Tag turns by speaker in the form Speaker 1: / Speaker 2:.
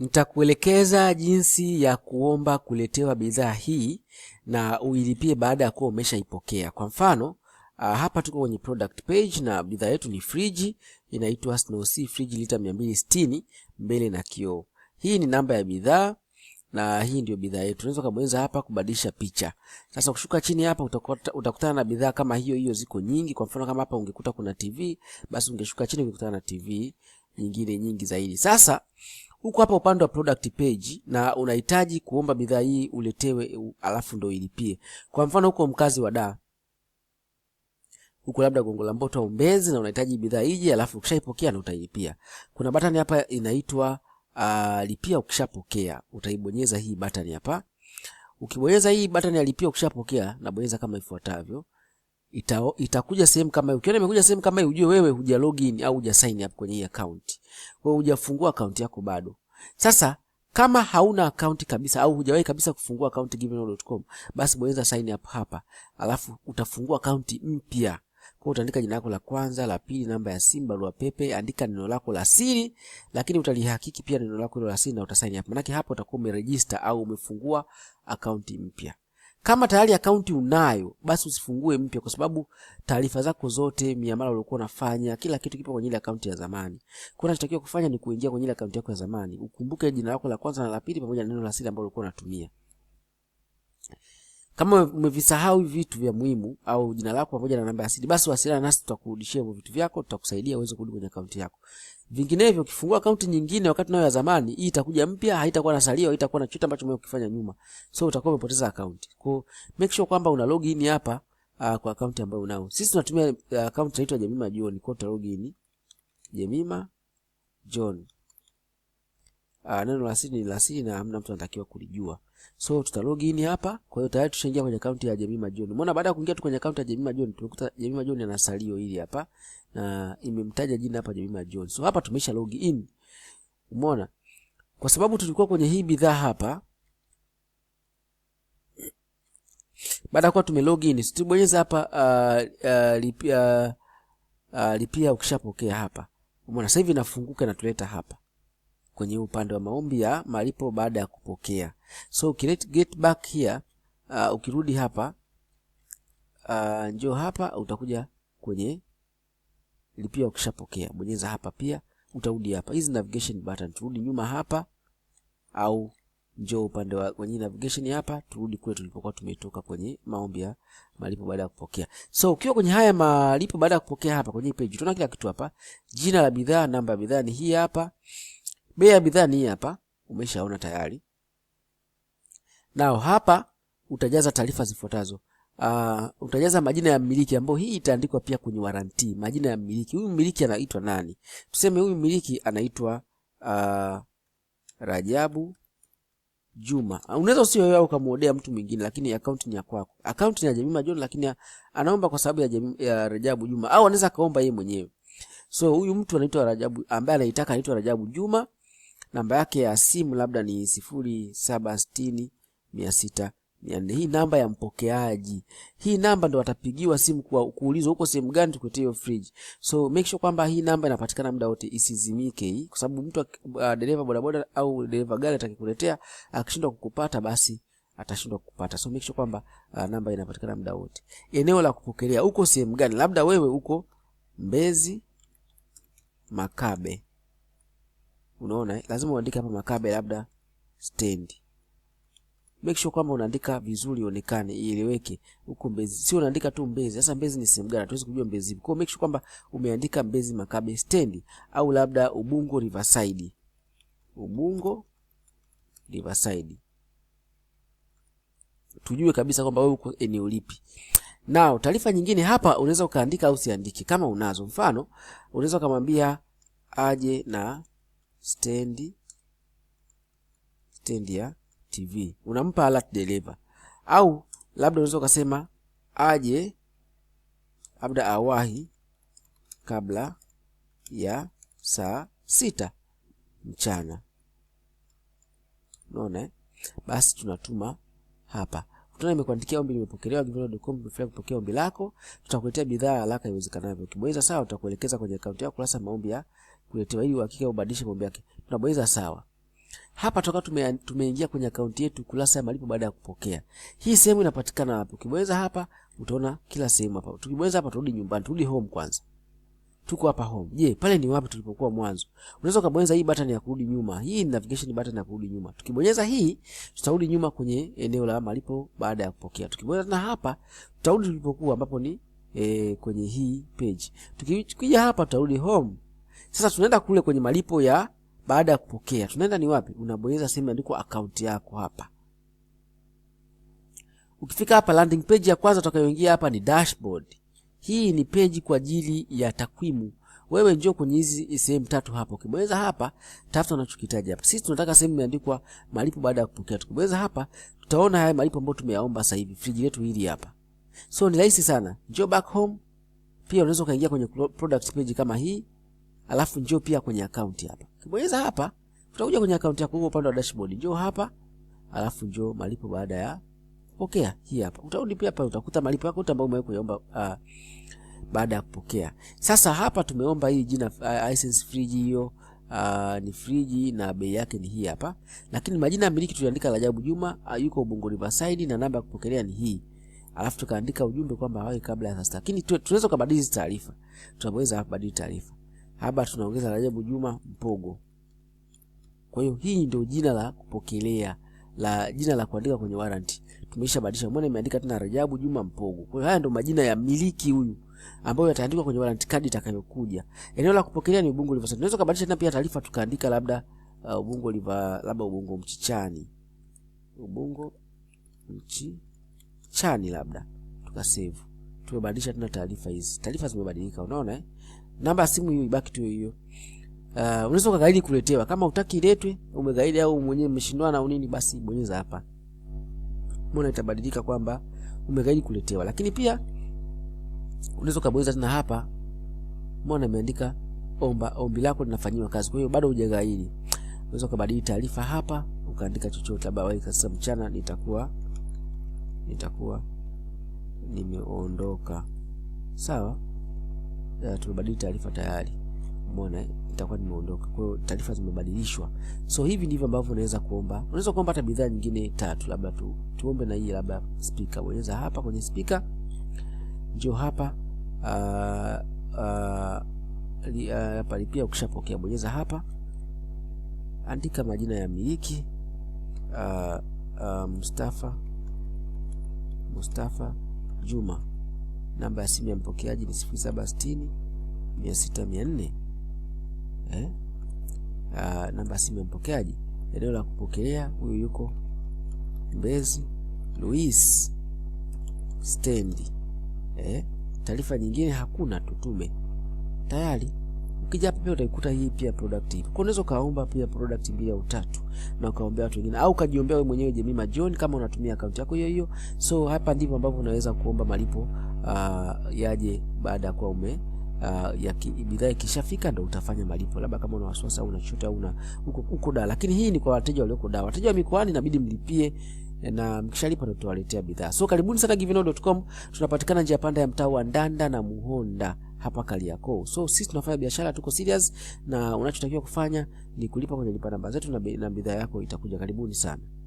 Speaker 1: Nitakuelekeza jinsi ya kuomba kuletewa bidhaa hii na uilipie baada ya kuwa umeshaipokea. Kwa mfano uh, hapa tuko kwenye product page na bidhaa yetu ni friji inaitwa Snow Sea friji lita 260 mbele na kioo. Hii ni namba ya bidhaa na hii ndio bidhaa yetu. Unaweza kubonyeza hapa kubadilisha picha. Sasa ukishuka chini hapa utakuta, utakutana na bidhaa kama hiyo hiyo, ziko nyingi. Kwa mfano kama hapa ungekuta kuna TV, basi ungeshuka chini ungekutana na TV nyingine nyingi zaidi. Sasa huko hapa upande wa product page, na unahitaji kuomba bidhaa hii uletewe, alafu ndo ilipie. Kwa mfano huko mkazi wa da huko labda Gongo la Mboto au Mbezi, na unahitaji bidhaa hii alafu ukishaipokea na utailipia. Kuna button hapa inaitwa uh, lipia ukishapokea, utaibonyeza hii button hapa. Ukibonyeza hii button ya lipia ukishapokea, na bonyeza kama ifuatavyo ita, itakuja sehemu kama hiyo. Ukiona imekuja sehemu kama hiyo, ujue wewe huja login au huja sign up kwenye hii account. Wewe hujafungua account yako bado. Sasa kama hauna account kabisa au hujawahi kabisa kufungua account givenall.com, basi bonyeza sign up hapa, alafu utafungua account mpya. Kwa utaandika jina lako la kwanza, la pili, namba ya simu, barua pepe, andika neno lako la siri, lakini utalihakiki pia neno lako hilo la siri na utasign up. Maana hapo utakuwa umeregister au umefungua account mpya. Kama tayari akaunti unayo, basi usifungue mpya, kwa sababu taarifa zako zote, miamala uliokuwa unafanya, kila kitu kipo kwenye ile akaunti ya zamani. Kwa hiyo unachotakiwa kufanya ni kuingia kwenye ile akaunti yako ya zamani, ukumbuke jina lako la kwanza na la pili pamoja na neno la siri ambalo ulikuwa unatumia. Kama umevisahau vitu vya muhimu au jina lako pamoja na namba ya siri, basi wasiliana nasi, tutakurudishia hivyo vitu vyako, tutakusaidia uweze kurudi kwenye akaunti yako. Vinginevyo ukifungua akaunti nyingine wakati nayo ya zamani, hii itakuja mpya, haitakuwa na salio, haitakuwa na chochote ambacho umekifanya nyuma, so utakuwa umepoteza akaunti. Kwa make sure kwamba una log in hapa uh, kwa akaunti ambayo unao. Sisi tunatumia uh, akaunti inaitwa Jemima John, kwa uta log Jemima John uh, neno la siri ni la siri na hamna mtu anatakiwa kulijua. So tuta log in hapa. Kwa hiyo tayari tushaingia kwenye akaunti ya Jemima John. Umeona, baada ya kuingia tu kwenye akaunti ya Jemima John tumekuta Jemima John ana salio hili hapa na imemtaja jina hapa Jemima John. So hapa tumesha log in. Umeona? Kwa sababu tulikuwa kwenye hii bidhaa hapa. Baada ya kuwa tume log in, tubonyeza hapa uh, uh, lipia uh, lipia ukishapokea hapa. Umeona, sasa hivi nafunguka na tuleta hapa kwenye upande wa maombi ya malipo baada ya kupokea. So get back here, uh, ukirudi hapa uh, njoo hapa, utakuja kwenye lipia ukishapokea, bonyeza hapa pia utarudi hapa, hizi navigation button, turudi nyuma hapa au njoo upande wa kwenye navigation hapa, turudi kule tulipokuwa tumetoka kwenye maombi ya malipo baada ya kupokea. So ukiwa kwenye haya malipo baada ya kupokea, hapa kwenye page tunaona kila kitu hapa, jina la bidhaa, namba ya bidhaa ni hii hapa. Bei ya bidhaa ni hapa, umeshaona tayari. Nao hapa utajaza taarifa zifuatazo. Uh, utajaza majina ya mmiliki ambao hii itaandikwa pia kwenye waranti, majina ya mmiliki. Huyu mmiliki anaitwa nani? Tuseme huyu mmiliki anaitwa uh, Rajabu Juma. Unaweza usio wewe ukamwodea mtu mwingine, lakini akaunti ni ya kwako. Akaunti ni ya Jemima John, lakini ya, anaomba kwa sababu ya, ya Rajabu Juma, au anaweza kaomba yeye mwenyewe. So huyu mtu anaitwa Rajabu ambaye anaitaka anaitwa Rajabu Juma namba yake ya simu labda ni sifuri saba sitini mia sita mia nne. Hii namba ya mpokeaji, hii namba ndo watapigiwa simu kuulizwa huko sehemu gani tukuletee hiyo friji. So make sure kwamba hii namba inapatikana muda wote, isizimike hii, kwa sababu mtu uh, dereva bodaboda au dereva gari atakikuletea akishindwa kukupata basi atashindwa kupata. So make sure kwamba uh, namba inapatikana muda wote. Eneo la kupokelea uko sehemu gani? Labda wewe uko Mbezi Makabe, Unaona, eh? lazima uandike hapa Makabe labda stand. Make sure kwamba unaandika vizuri ionekane ieleweke. Huko Mbezi sio unaandika tu Mbezi. Sasa Mbezi ni sehemu gani? Tuwezi kujua Mbezi. Kwa hiyo make sure kwamba umeandika Mbezi Makabe stand au labda Ubungo Riverside. Ubungo Riverside. Tujue kabisa kwamba wewe uko eneo lipi. Na taarifa nyingine hapa unaweza ukaandika au usiandike kama unazo. Mfano, unaweza kumwambia aje na stendi stendi ya TV, unampa alert dereva, au labda unaweza ukasema aje labda awahi kabla ya saa sita mchana. Unaona, basi tunatuma hapa Tuna imekuandikia ombi limepokelewa, tumefurahi kupokea ombi lako, tutakuletea bidhaa haraka iwezekanavyo. Ukibonyeza sawa, tutakuelekeza kwenye akaunti yako kurasa maombi ya kuletewa ili uhakika ubadilishe pombe yake. Tunabonyeza sawa. Hapa toka tumeingia kwenye akaunti yetu kurasa ya malipo baada ya kupokea. Hii sehemu inapatikana wapi? Ukibonyeza hapa utaona kila sehemu hapa. Tukibonyeza hapa turudi nyumbani, turudi home kwanza. Tuko hapa home. Je, pale ni wapi tulipokuwa mwanzo? Unaweza kubonyeza hii button ya kurudi nyuma. Hii ni navigation button ya kurudi nyuma. Tukibonyeza hii tutarudi nyuma kwenye eneo la malipo baada ya kupokea. Tukibonyeza na hapa tutarudi tulipokuwa ambapo ni e, kwenye hii page. Tukija hapa tutarudi home. Sasa tunaenda kule kwenye malipo ya baada ya kupokea, tunaenda ni wapi? Unabonyeza sehemu imeandikwa akaunti yako hapa. Ukifika hapa landing page ya kwanza utakayoingia hapa ni dashboard. Hii ni page kwa ajili ya takwimu. Wewe njoo kwenye hizi sehemu tatu hapa. Ukibonyeza hapa, tafuta unachokitaji hapa. Sisi tunataka sehemu imeandikwa malipo baada ya kupokea. Tukibonyeza hapa, tutaona haya malipo ambayo tumeyaomba sasa hivi. Friji letu hili hapa. So ni rahisi sana. Njoo back home. Pia unaweza ukaingia kwenye product page kama hii alafu njoo pia kwenye akaunti hapa. Ukibonyeza hapa utakuja kwenye akaunti yako upande wa dashboard. Njoo hapa alafu njoo malipo baada ya kupokea. Hii hapa. Utarudi pia hapa utakuta malipo yako ambayo umewahi kuomba uh, baada ya kupokea. Sasa hapa tumeomba hii jina uh, license Fridge hiyo Uh, ni friji na bei yake ni hii hapa, lakini majina ya miliki tuliandika Rajabu Juma, uh, yuko Ubungo Riverside, na namba ya kupokelea ni hii, alafu tukaandika ujumbe kwamba awahi kabla ya saa sita, lakini tunaweza kubadili taarifa, tunaweza kubadili taarifa hapa tunaongeza Rajabu Juma Mpogo. Kwa hiyo hii ndio jina la kupokelea la jina la kuandika kwenye warranty tumeishabadilisha. Mbona imeandika tena Rajabu Juma Mpogo? Kwa hiyo haya ndio majina ya miliki huyu ambayo yataandikwa kwenye warranty card itakayokuja. Eneo la kupokelea ni Ubungo Riverside. Tunaweza kubadilisha tena pia taarifa tukaandika labda uh, Ubungo River labda Ubungo Mchichani. Ubungo Mchichani labda tukasave. Tumebadilisha tena taarifa hizi. Taarifa zimebadilika, unaona eh? namba ya simu hiyo ibaki tu hiyo. Uh, unaweza ukagaidi kuletewa, kama utaki iletwe, umegaidi au mwenyewe mmeshindwana na unini, basi bonyeza hapa, mbona itabadilika kwamba umegaidi kuletewa. Lakini pia unaweza ukabonyeza tena hapa, mbona imeandika omba ombi lako linafanyiwa kazi, kwa hiyo bado hujagaidi. Unaweza ukabadili taarifa hapa ukaandika chochote, labda wewe sasa, mchana nitakuwa nitakuwa nimeondoka, sawa. so, uh, tumebadili taarifa tayari. Umeona, itakuwa nimeondoka. Kwa hiyo taarifa zimebadilishwa. So hivi ndivyo ambavyo unaweza kuomba. Unaweza kuomba hata bidhaa nyingine tatu, labda tu tuombe na hii labda speaker. Bonyeza hapa kwenye speaker, njoo hapa uh, uh, li, uh, Ukishapokea bonyeza hapa, andika majina ya miliki uh, uh, Mustafa Mustafa Juma Namba ya simu ya mpokeaji ni 0760 saba mia sita mia nne eh? Ah, namba ya simu ya mpokeaji. Eneo la kupokelea, huyu yuko Mbezi Luis stendi eh? Taarifa nyingine hakuna, tutume tayari. Ukija hapa pia utaikuta hii pia product hii. Kwa unaweza kaomba pia product mbili au tatu na ukaombea watu wengine au kajiombea wewe mwenyewe Jemima John kama unatumia account yako hiyo hiyo. So hapa ndivyo ambavyo unaweza kuomba malipo uh, yaje baada ya kuwa ume Uh, ah, ya bidhaa ikishafika ndo utafanya malipo, labda kama una wasiwasi au una chochote au una uko, uko da. Lakini hii ni kwa wateja walioko da, wateja wa mikoani inabidi mlipie eh, na mkishalipa ndo tutawaletea bidhaa. So karibuni sana givenall.com, tunapatikana njia panda ya mtaa wa Ndanda na Muhonda hapa Kariakoo. So sisi tunafanya biashara, tuko serious na unachotakiwa kufanya ni kulipa kwenye lipa namba zetu na bidhaa yako itakuja. Karibuni sana.